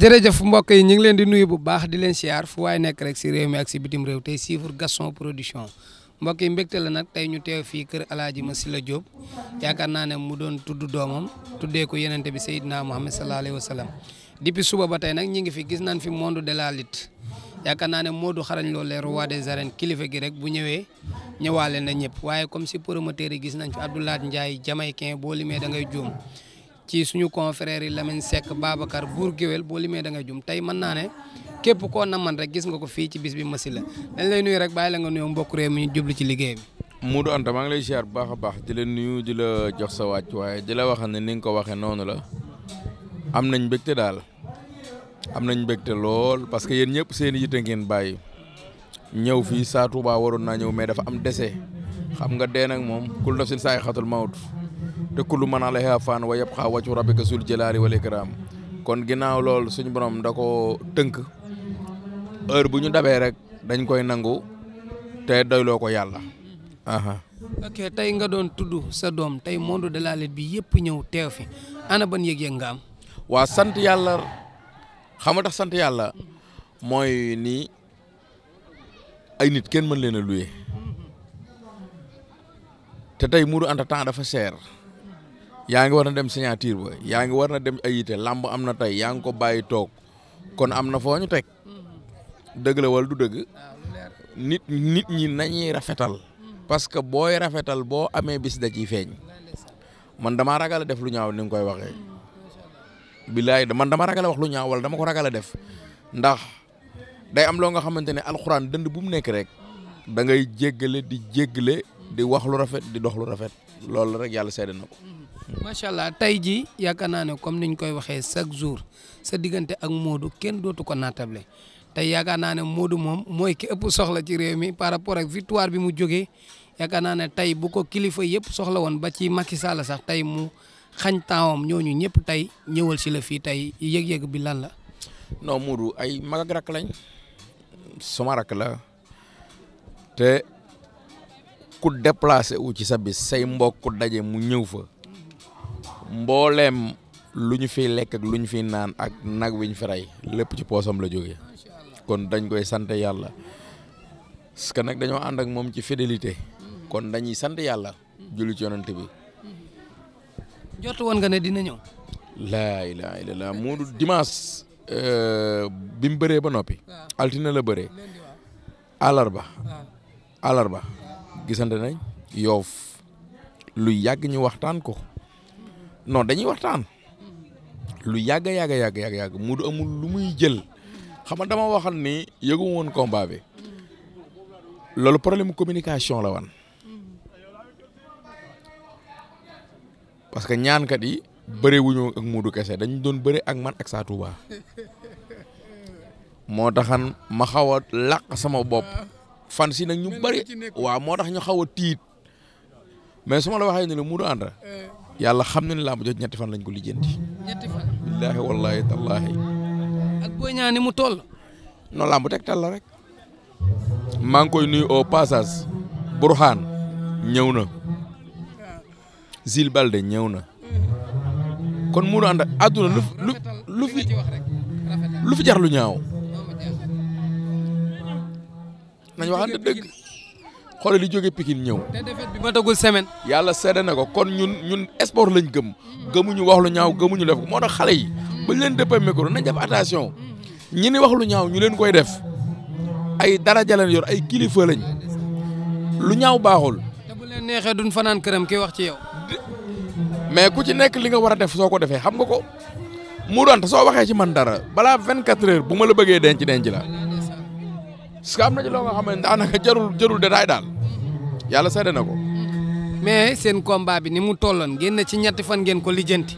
jërëjëf mbokk yi ñu ngi leen di nuyu bu baax di leen siyaar fu waaye nekk rek si réew mi ak si bitim réew tey suivre Gaston Production mbokk yi mbégte la nag tey ñu teew fii kër alaaji la Diop yaakaar naa ne mu doon tudd doomam tuddee ko yenente bi Seydina Muhammad sallallahu alayhi wa sallam depuis suba ba tey nag ñu ngi fi gis nañ fi monde de la lutte yaakaar naa ne Modou xarañ loolee roi des arènes kilifa gi rek bu ñëwee ñëwaale na ñëpp waaye comme si promoteur yi gis nañ fi Abdoulaye Ndiaye jamaïcain boo limee dangay ngay ci suñu confrère yi Lamine Seck Babacar Buur Géwél boo limee da nga jum tey man naa ne képp koo na man rek gis nga ko fii ci bis bi Massila dañ lay nuyu rek bàyyi la nga nuyoo mbokk réew mi ñu jublu ci liggéey bi. maa ngi lay bu baax a baax di la nuyu di la jox sa wàcc waaye di la ne ni nga ko waxee noonu la am nañ mbégte daal am nañ mbégte lool parce que yéen ñëpp seen yitte ngeen bàyyi ñëw fii saa baa waroon naa ñëw mais dafa am dese xam nga dee nag moom kul nafsin saay xatul mawt te la man alayha faan wa yabqa wajhu rabbika sul jalaali wal ikraam kon ginaaw loolu suñu borom da ko tënk heure bu ñu dabee rek dañ koy nangu te doyloo ko yàlla. ok tey nga doon tudd sa doom tey monde de la lutte bi yëpp ñëw teew fi ana ban yëg-yëg nga waa sant yàlla xam nga tax sant yàlla mooy nii ay nit kenn mën leen a luye te tey muru anta temps dafa seer. yaa ngi war na dem signature ba yaa ngi war na dem ay yite làmb am na tey yaa ngi ko bàyyi toog kon am na foo ñu teg dëgg la wala du dëgg nit nit ñi nañuy rafetal parce que booy rafetal boo amee bis da ciy feeñ man damaa ragal a def lu ñaaw ni nga koy waxee bilaay man dama ragal a wax lu ñaaw wala dama ko ragal a def ndax day am loo nga xamante ne alxuraan dënd bu mu nekk rek da ngay jéggale di jéggale di wax lu rafet di dox lu rafet loolu rek yàlla seede na ko. macha allah tey jii yaakaar naa ne comme niñ koy waxee chaque jour sa diggante ak Modou kenn dootu ko naatable tey yaakaar naa ne Modou moom mooy ki ëpp soxla ci réew mi par rapport ak victoire bi mu jógee yaakaar naa ne tey bu ko kilifa yëpp soxla woon ba ci Macky Sall sax tey mu xañ taawam ñooñu ñëpp tey ñëwal si la fii tey yëg-yëg bi lan la. no Modou ay mag ak rak lañ. suma rak la te ku déplacé wu ci sa bis say mbokk daje mu ñëw fa. mbooleem lu ñu fi lekk lu ñu fi naan ak nag wiñ fi rey lépp ci poosam la jóge kon dañ koy sant yàlla parce que nag dañoo ànd ak moom ci fidélité kon dañuy sant yàlla julli ci yonent bi. jot woon nga ne dina ñëw. laa ilaaha illallaah mu du dimanche euh, bi mu bëree ba noppi. altine la ba alarba. ba gisante nañ yoof lu yàgg ñu waxtaan ko. non dañuy waxtaan lu yàgg yàgg yàgg yàgg yàgg mu amul lu muy jël xam nga dama waxal ni yëgu woon combat bi loolu problème communication la wan parce que ñaankat yi bëre wuñu ak Modou kese dañ doon bëre ak man ak saa ba moo taxan ma xaw a làq sama bopp fan si nag ñu bëri waa moo tax ñu xaw a tiit mais su ma la waxee ne la Modou ànd yàlla xam na ne làmb jooju ñetti fan lañ ko lijjanti. ñetti fan. billaahi wallaahi tallaahi. ak Boy Niang ni mu toll. non làmb tegtal la rek. maa ngi koy nuyu au passage. Burhan ñëw na. Zil ñëw na. kon mu ànd àdduna lu lu lu fi lu fi jar lu ñaaw. nañ waxante dëgg. xoolal li jóge Pikine ñëw. te défaite bi matagul yàlla seede na ko kon ñun ñun sport lañ gëm. gëmuñu wax lu ñaaw gëmuñu def ko moo tax xale yi buñ leen dëppee micro nañ def attention ñi ni wax lu ñaaw ñu leen koy def ay daraja lañ yor ay kilifa lañ lu ñaaw baaxul. te leen neexee duñ fanaan këram ki wax ci yow. mais ku ci nekk li nga war a def soo ko defee xam nga ko mu doon soo waxee ci man dara balaa 24 heures bu ma la bëggee denc denc la. parce que na ci loo nga xam ne daanaka jarul jarul détail daal yàlla seede na ko. mais seen combat bi ni mu tolloon ngeen ne ci ñetti fan ngeen ko lijjanti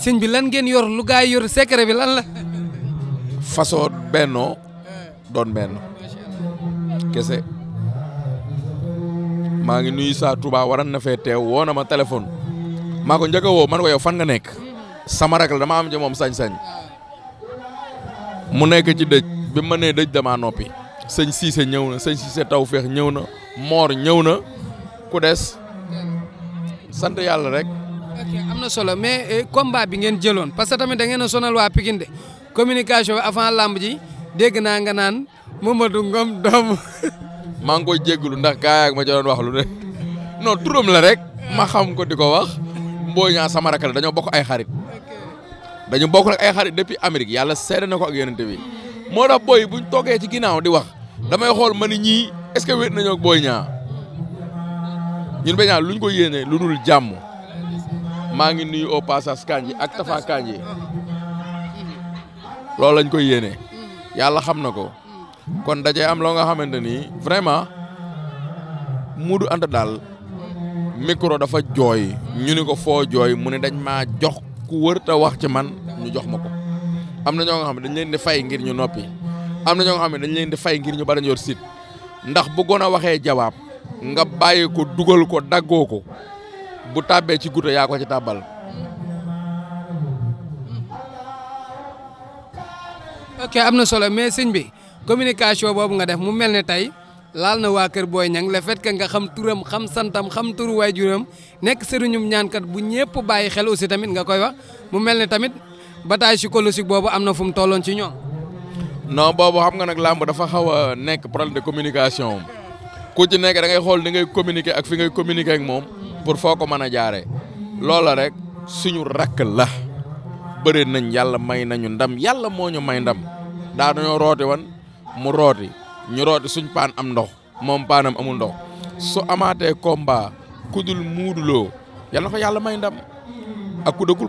sëñ bi lan ngeen yor lu gaay yor secret bi lan la. façon bennoo doon benn kese maa ngi nuyu saa Touba waran na fee teew woo na ma téléphone maa ko njëkk a man ko yow fan nga nekk sama rak la dama am ci moom sañ-sañ mu nekk ci dëj bi ma nee dëj damaa noppi. sëñ Cissé ñëw na sëñ Cissé taw feex ñëw na Mor ñëw na ku des sant yàlla rek. ok am na solo mais eh, combat bi ngeen jëloon parce que tamit da ngeen a sonal waa Pikine de communication bi avant làmb ji dégg naa nga naan Mamadou Ngom doomu. maa ngi koy jégalu ndax gars yi ma doon wax lu ne non turam la rek ma xam ko di ko wax Mboy Niang sama rakk la dañoo bokk ay xarit dañu bokk ay xarit depuis Amérique yàlla seede na ko ak yonent bi moo tax bu buñ toogee ci ginnaaw di wax damay xool ma ni ñii est-ce que wéet nañoo ak ñaa ñun ba ñaa luñ ko yéene lu dul jàmm maa ngi nuyu au passage Kandji ak Tafa Kandji loolu lañ koy yéene yàlla xam na ko kon dajee am loo nga xamante ni vraiment Modou Anta daal micro dafa jooy ñu ni ko foo jooy mu ne dañ maa jox ku wër te wax ci man ñu jox ma ko am na ñoo nga xam ne dañu leen di fay ngir ñu noppi am na ñoo nga xam ne dañu leen di fay ngir ñu bañ yor sit ndax bu gën a waxee jawaab nga bàyyi ko dugal ko daggoo ko bu tàbbee ci guta yaa ko ci tàbbal. ok am na solo mais sëñ bi communication boobu nga def mu mel ne tey laal na waa kër booy Niang le fait que nga xam turam xam santam xam turu waajuram nekk sëriñum ñaankat bu ñëpp bàyyi xel aussi tamit nga koy wax mu mel ne tamit. bataille psychologique boobu am na fu mu tolloon ci ñoom. non boobu xam nga nag làmb dafa xaw nekk problème de communication ku ci nekk da ngay xool ni ngay communiquer ak fi ngay communiquer ak moom pour foo ko mën a jaaree loola rek suñu rakk la bëri nañ yàlla may nañu ndam yàlla moo ñu may ndam daa dañoo rooti wan mu rooti ñu rooti suñ paan am ndox moom paanam amul ndox su amaatee combat kudul muuduloo yàlla na ko yàlla may ndam ak ku dëkkul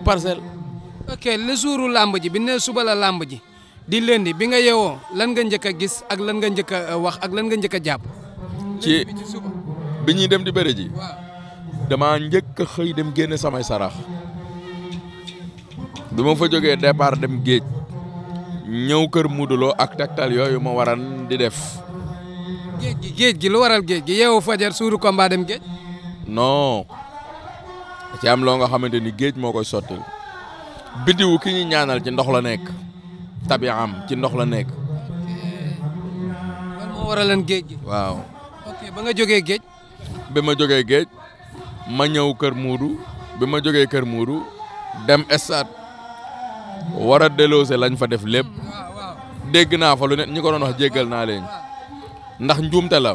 ok le jouru làmb ji bi ne suba la làmb ji di lundi bi nga yeewoo lan nga njëkk a gis ak lan nga njëkk a euh, wax ak lan nga njëkk a jàpp. ci bi ñuy dem di bëre ji. damaa njëkk a xëy dem génn samay sarax. bi ma fa jógee départ dem géej. ñëw kër Mooduloo ak taktal yooyu ma waral di def. géej gi géej gi lu waral géej gi yeewu fajar suuru combat dem géej. non. ci am loo nga xamante ni géej moo koy sottil biddiwu ki ñu ñaanal ci ndox la nekk tabiaam ci ndox la nekk. lan géej gi. waaw. ba nga jógee géej. bi ma jógee géej ma ñëw Kër Muudu bi ma jógee Kër Muudu dem stade war a délosé lañ fa def lépp mm, dégg naa fa lu ne ñu ko doon wax jéggal naa leen ndax njuumte la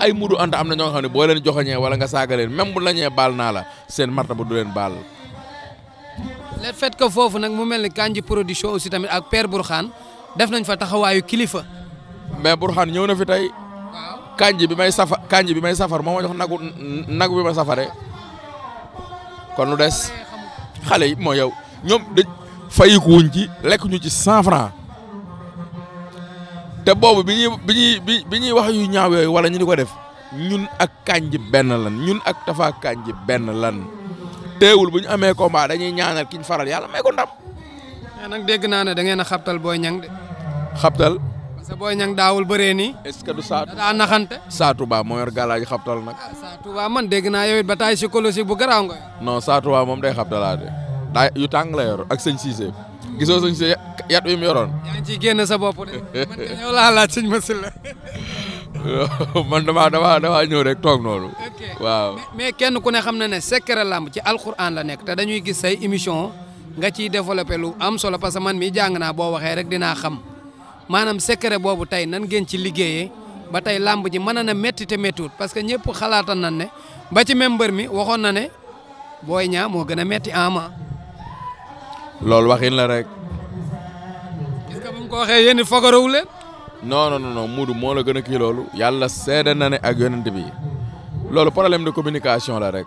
ay Muudu Anta am na ñoo xam ne boo leen joxoñee wala nga saaga leen même bu lañee baal naa la seen bu du leen baal. le fait que foofu nag mu mel ni Kandji production aussi tamit ak Père Bourkhane def nañ fa taxawaayu kilifa. mais Bourkhane ñëw na fi tey. waaw bi may safa Kandji bi may safar moo ma jox nag nagu bi ma safaree. kon lu des xale yi mooy yow ñoom dañ fayiku wuñ ci lekk ñu ci cent franc te boobu bi ñuy bi ñuy bi ñuy wax yu ñaaw yooyu wala ñu ni ko def ñun ak Kandji benn lan ñun ak tafaa Kandji benn lan. teewul bu ñu amee combat dañuy ñaanal ki ñu faral yàlla may ko ndam. mais nag dégg naa ne da ngeen a xabtal Boy Niang de. xabtal. parce que Boy Niang daawul bëree nii. est-ce que du Sa. daa naxante. Sa Touba moo yor galaaj xabtal nag. ah Sa Touba man dégg naa yow it bataille psychologique bu garaaw nga. non Sa Touba moom day xabtalaate. daa yu tàng la yor ak sëñ Cissé. gisoo sëñ Cissé yat wi mu yoroon. yaa ngi ciy sa bopp de man de yow laa laaj sëñ man damaa damaa damaa ñëw toog noonu. waaw mais kenn ku ne xam na ne secret làmb ci alxuraan la nekk te dañuy gis say émission nga ciy développé lu am solo parce que man mi jàng naa boo waxee rek dinaa xam maanaam secret boobu tey nan ngeen ci liggéeyee ba tey lamb ji mën na métti te méttiwut parce que ñëpp xalaatan nañ ne ba ci même mbër mi waxoon na ne booy ñaa moo gën a métti ama loolu waxin la rek. non non moo la gën a kii loolu yàlla seede na ne ak yonent bi loolu problème de communication la rek.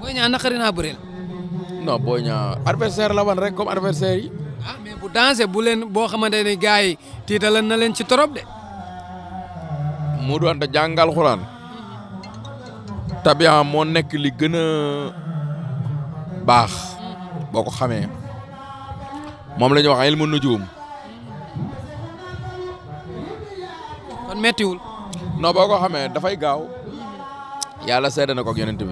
Boy Niang naqari naa bëreel. non Boy Niang adversaire la wan rek comme adversaire yi. Ah, mais bu dansé bu leen boo xamante ne gars yi tiitalan na leen ci trop de. Moodu Anta jàngal xuraan. tabiya moo nekk li gën a baax boo ko xamee moom la ñuy wax ilmu nujum méttiwul. non boo ko xamee dafay gaaw yàlla seede na ko ak yonent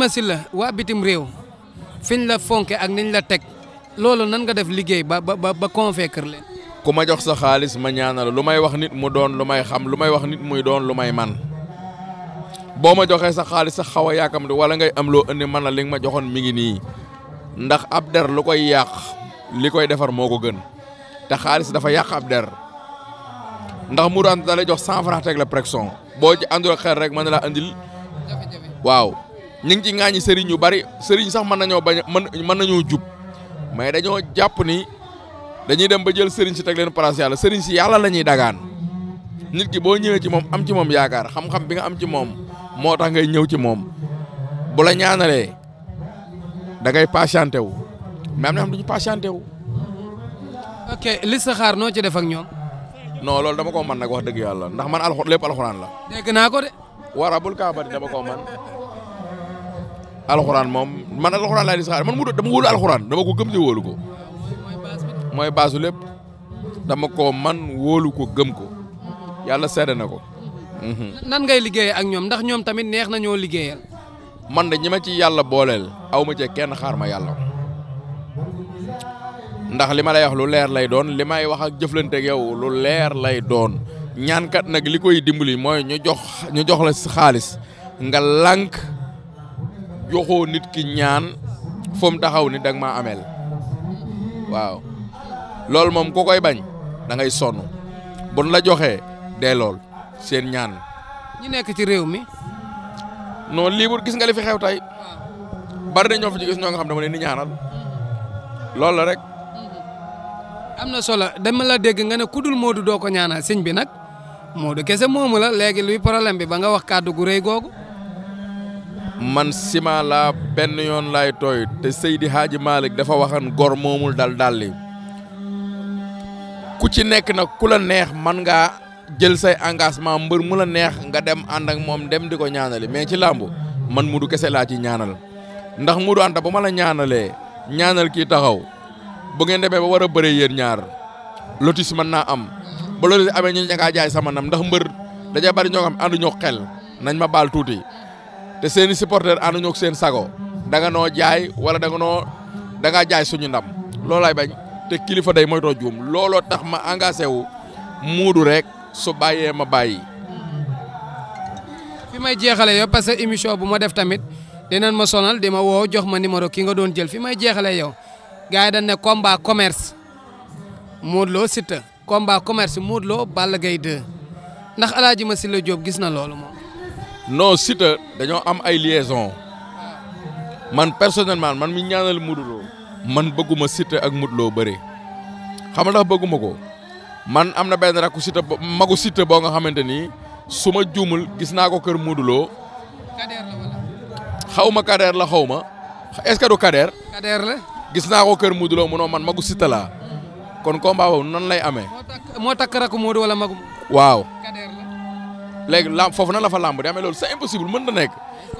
ma si la waa bitim réew fiñ la fonke ak niñ la teg loolu nan nga def liggéey ba ba ba convaincre leen. ku ma jox sa xaalis ma ñaanal lu may wax nit mu doon lu may xam lu may wax nit muy doon lu may man boo ma joxee sa xaalis sa xaw a yàkkamti wala ngay am loo indi man la li nga ma joxoon mi ngi nii ndax ab der lu koy yàq li koy defar moo ko gën te xaalis dafa yàq ab der. ndax mu Anta da lay jox cent franc teg la pression boo ci àndul ak xel rek mën na laa andil waaw ñu ngi ci ŋaañi sëriñ yu bari sëriñ sax mën nañoo bañ mën mën nañoo jub mais dañoo jàpp ni dañuy dem ba jël sëriñ si teg leen place yàlla sëriñ si yàlla la ñuy dagaan nit ki boo ñëwee ci moom am ci moom yaakaar xam-xam bi nga am ci moom moo tax ngay ñëw ci moom bu la ñaanalee da ngay patienté wu mais am na xam duñu patienté wu ok li saxaar noo ci def ak ñoom non loolu dama ko mën nag wax dëgg yàlla ndax man alxu lépp alxuraan la. dégg naa ko de. wara bul kaa bari dama ko man alxuraan moom man alxuraan laa di saxaar man mu dama wóolu alxuraan dama ko gëm te wóolu ko. mooy baasu lépp dama ko man wóolu ko gëm ko yàlla seede na ko. Mhm. nan ngay liggéeye ak ñoom ndax ñoom tamit neex nañoo liggéeyal. man de ñi ma ci yàlla booleel aw ma cee kenn xaar ma yàlla. ndax li ma lay wax lu leer lay doon li may wax ak jëflanteeg yow lu leer lay doon ñaankat nag li koy dimbali mooy ñu jox ñu jox la xaalis nga lànk joxoo nit ki ñaan fom mu taxaw ni danga maa ameel waaw loolu moom ku koy bañ dangay ngay sonn buñ la joxee dee lool seen ñaan. ñi nekk ci réew mi. noo liibur gis nga li fi xew tey bari na ñoo fi gis ñoo nga xam dama leen di ñaanal loolu rek. am na solo dama la dégg nga ne ku kudul Modou doo ko ñaanal sëñ bi nag moo Modou kese moomu la léegi luy problème bi ba nga wax kàddu gu réy googu. man sima la benn yoon laay tooy te Seydi Hadji Malick dafa waxan gor moomul dal dalli ku ci nekk nag ku la neex man ngaa jël say engagement mbër mu la neex nga dem ànd ak moom dem di ko ñaanali mais ci làmb man Modou kese laa ci ñaanal ndax Modou Anta bu ma la ñaanalee ñaanal kii taxaw. bu ngeen demee ba war a bëree yéen ñaar lotis mën naa am ba loolu amee ñu ñakaa jaay sama nam ndax mbër daja bari ñoo xam ànduñoo xel nañ ma baal tuuti te seen i supporters ànduñoo seen sago da nga noo jaay wala da noo da ngaa jaay suñu ndam loolaay bañ te kilifa day moytoo juum looloo tax ma engagé wu muudu rek su bàyyee ma bàyyi. fi ma jeexalee yow parce que émission bu ma def tamit dinañ ma sonal di ma woo jox ma numéro kii nga doon jël fi may jeexalee yow. gars yi dañ ne combat commerce Modou Lo Siteu combat commerce Modou Lo Balla Gaye 2 ndax El Hadj Massila gis na loolu moom. non Siteu dañoo am ay lieson man personnellement man mi ñaanal muduloo man bëgguma Siteu ak Modou Lo bëre xam nga ndax bëgguma ko man am na benn rakku Siteu magu Siteu boo nga xamante ni su ma juumul gis naa ko kër muduloo xawma xaw ma la xaw ma est-ce du Kader. Kader la. gis naa ko kër Modou Lo munoo man magu Siteu laa kon combat boobu nan lay amee. moo takk moo takk rakk wala magu. waaw léegi la foofu nan la fa làmb di amee loolu c'est impossible mën na nekk.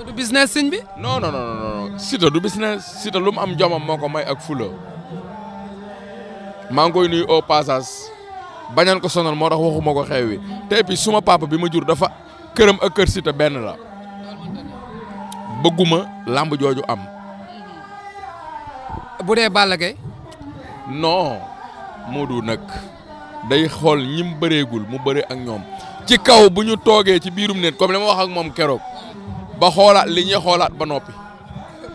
du business sëñ bi. non non non non Siteu du business am jomam moo ko may ak fula. maa ngi koy nuyu au passage bañan ko sonal moo tax waxuma ko te et suma papa bi ma jur dafa këram ak kër Siteu benn la bëgguma làmb jooju am. bu dee Balla Gaye non Modou nag day xool ñi mu bëreegul mu bëre ak ñoom ci kaw bu ñu toogee ci biirum nit comme li ma wax ak moom keroog ba xoolaat li ñuy xoolaat noppi.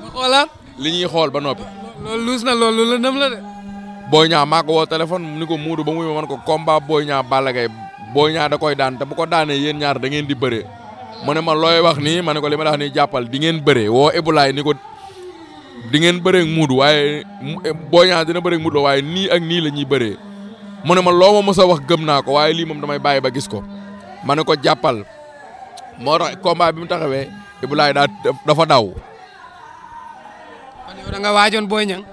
ba xoolaat. xool ba noppi. luus na loolu la dem la de. Boy Niang maa ko woo ni ko Modou ba muy man ko combat Boy Niang Balla Gaye Boy Niang da koy daan te bu ko daanee yéen ñaar da ngeen di bëree mu ne ma looy wax ni ma ne ko li ma la wax nii jàppal di ngeen bëree woo Ibulaay ni ko. di ngeen bëree muudu waaye eh, Boy Niang dina bëree muudu waaye nii ak nii la ñuy bëree mu ne ma loo ma mos wax gëm naa ko waaye lii moom damay bàyyi ba gis ko ma ne ko jàppal moo tax combat bi mu taxawee Ibulaay daa dafa daw. man yow da nga waajoon Boy Niang.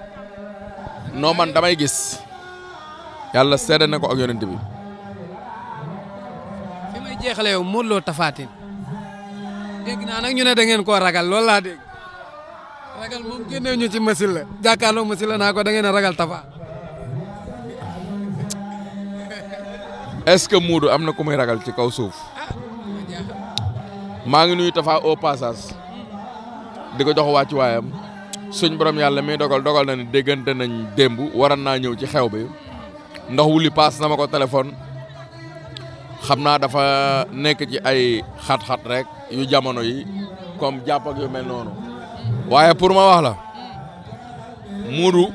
man damay gis yàlla seede na ko ak yonent bi. fi may jeexalee yow Modou Lo Tapha dégg naa nag ñu ne da ngeen koo ragal loolu laa dégg. ragal moom génnew ñu ci masil la jàkkaarloo masil la naa ko da a ragal Tapha. est-ce que Moodu am na ku muy ragal ci kaw suuf maa ngi nuyu Tapha au passage di ko jox wàccu waayam suñ borom yàlla mi dogal dogal na ni déggante nañ démb waroon naa ñëw ci xew bi ndax wuli paas na ma ko téléphone xam naa dafa nekk ci ay xat-xat rek yu jamono yi kom jàpp ak yu mel noonu. waaye pour ma wax la Modou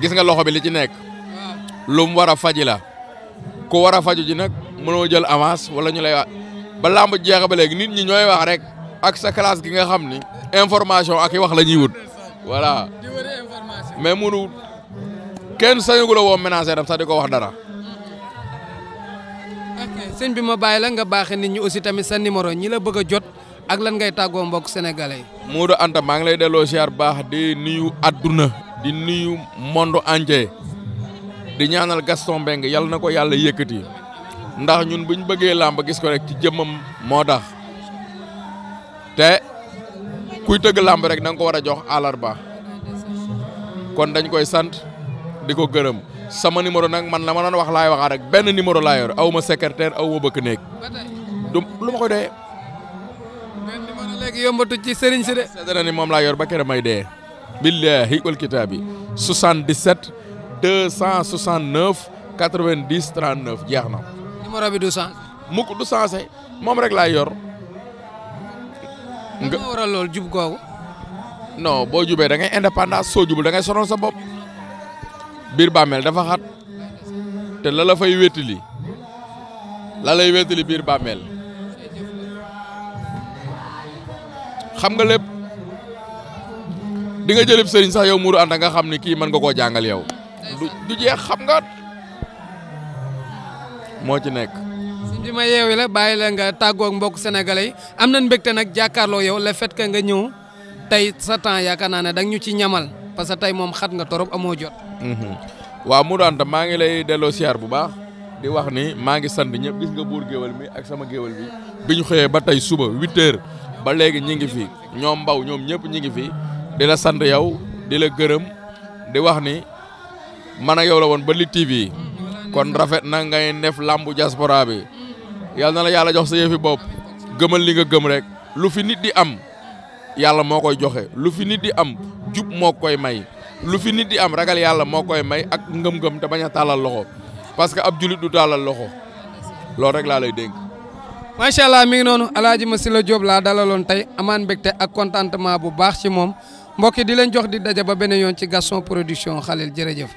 gis nga loxo bi li ci nekk lu war a faji la ku war a faju ji nag mënoo jël avance wala ñu lay wax ba làmb jeexa léegi nit ñi ñooy wax rek ak sa classe gi nga xam ni information ak i wax la ñuy wut voilà mais Modou kenn sañagul a woo ménager am sax di ko wax dara. ok bi ma bàyyi la nga baax nit ñi aussi tamit sa numéro ñi la bëgg a jot. ak lan ngay tàggoo mbokk sénégalais yi. Modou Anta maa ngi lay delloo ziar baax di nuyu adduna di nuyu monde entier di ñaanal Gaston Mbengue yàlla na ko yàlla yëkkati ndax ñun bu ñu bëggee làmb gis ko rek ci jëmmam moo tax te kuy tëgg làmb rek da ko war a jox àllarba kon dañ koy sant di ko gërëm. sama numéro nag man la ma doon wax laay waxaa rek benn numéro laa yor aw ma secrétaire aw ma bëkk néeg du lu ma koy dee nekk yombatu ci sëriñ si de. seddana ni moom laa yor ba keroog may dee. billahi wal kitaabi 77 269 90 39 jeex na. numéro bi du sens. mukk du sensé eh. moom rek laa yor. nga moo waral lool jub googu. non boo jubee da ngay indépendance soo jubul dangay ngay sa bopp. biir bàmmeel dafa xat te la fay wétali la lay wétali biir bàmmeel. xam nga lépp di nga jëlib sëriñ sax yow muuru ànd nga xam ni kii mën nga koo jàngal yow. du jeex xam nga moo ci nekk. bi ma yeewee la bàyyi la nga tàggoo mbokk sénégalais yi am nañ mbégte nag jàkkaarloo yow le fait que nga ñëw tey sa temps yaakaar naa ne danga ñu ci ñamal parce que tey moom xat nga torop amoo jot. Mhm. waaw Modou Anta maa ngi lay delloo siyaar bu baax di wax ni maa ngi sant ñëpp gis nga buur géwél mi ak sama géwél bi bi ñu xëyee ba tey suba huit ba léegi ñi ngi fi ñoom mbaw ñoom ñëpp ñi ngi fi di la sant yow di la gërëm di wax ni man ak yow la woon ba Lutte TV kon rafet na ngay def làmbu diaspora bi yal na la yàlla jox sa yëfi bopp gëmal li nga gëm rek lu fi nit di am yàlla moo koy joxe lu fi nit di am jub moo koy may lu fi nit di am ragal yàlla moo koy may ak ngëm-ngëm te bañ a tàllal loxo parce que ab julit du tàllal loxo loolu rek laa lay dénk macha allah mi ngi noonu alaaji Masila Diop laa dalaloon tey amaan mbégte ak contentement bu baax ci moom mbokki di leen jox di daje ba beneen yoon ci Gaston Production xaleel jërëjëf